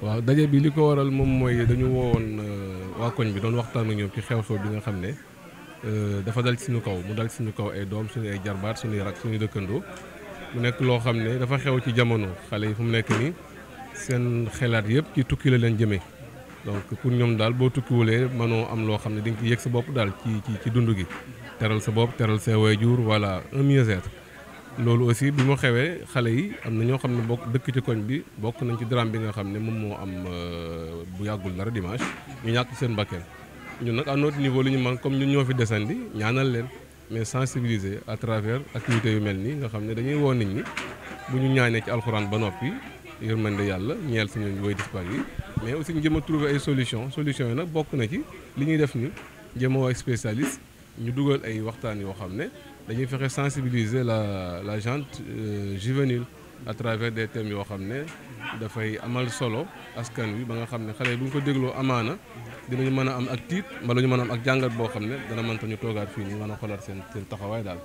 waaw daje bi li ko waral moom mooy dañu woowoon euh, waa koñ bi doon waxtaan ak ñoom ci xew-xew bi nga xam ne euh, dafa dal suñu kaw mu dal suñu kaw ay doom suñu ay jarbaat suñuy rak suñu dëkkandoo mu nekk loo xam ne dafa xew ci jamono xale yi fu mu nekk nii seen xelaat yëpp ci tukki la leen jëmee donc pour ñoom daal boo tukkiwulee mënoo am loo xam ne di ko ci sa bopp daal ci ci ci dund gi teral sa bopp teral sa waajur voilà un mieux-être loolu aussi bi mu xewee xale yi am na ñoo xam ne bokk dëkk ci koñ bi bokk nañ ci drame bi nga xam ne moom moo am euh, bu yàggul dara dimanche ñu ñàkk seen bakkeen ñun nag à notre niveau li ñu man comme ñun ñoo fi desandi ñaanal leen mais sensibiliser à travers activités yu mel nii nga xam ne dañuy woo nit ñi bu ñu ñaanee ci alxuraan ba noppi yërmande yàlla ñeel suñu way disparu yi mais aussi ñu jëm a ay solution solution yi nag bokk na ci li ñuy def ni jëm a spécialiste ñu dugal ay waxtaan yoo xam ne dañuy fexe sensibiliser la la gente euh, juvénile à travers des thèmes yoo xam ne dafay amal solo askan wi ba nga xam ne xale bu ñu ko dégloo amaana dinañu mën a am ak tiit mbala ñu mën a am ak jàngat boo xam ne dana mënta ñu toogaat fii nii mën a xoolaat seen seen taxawaay daal.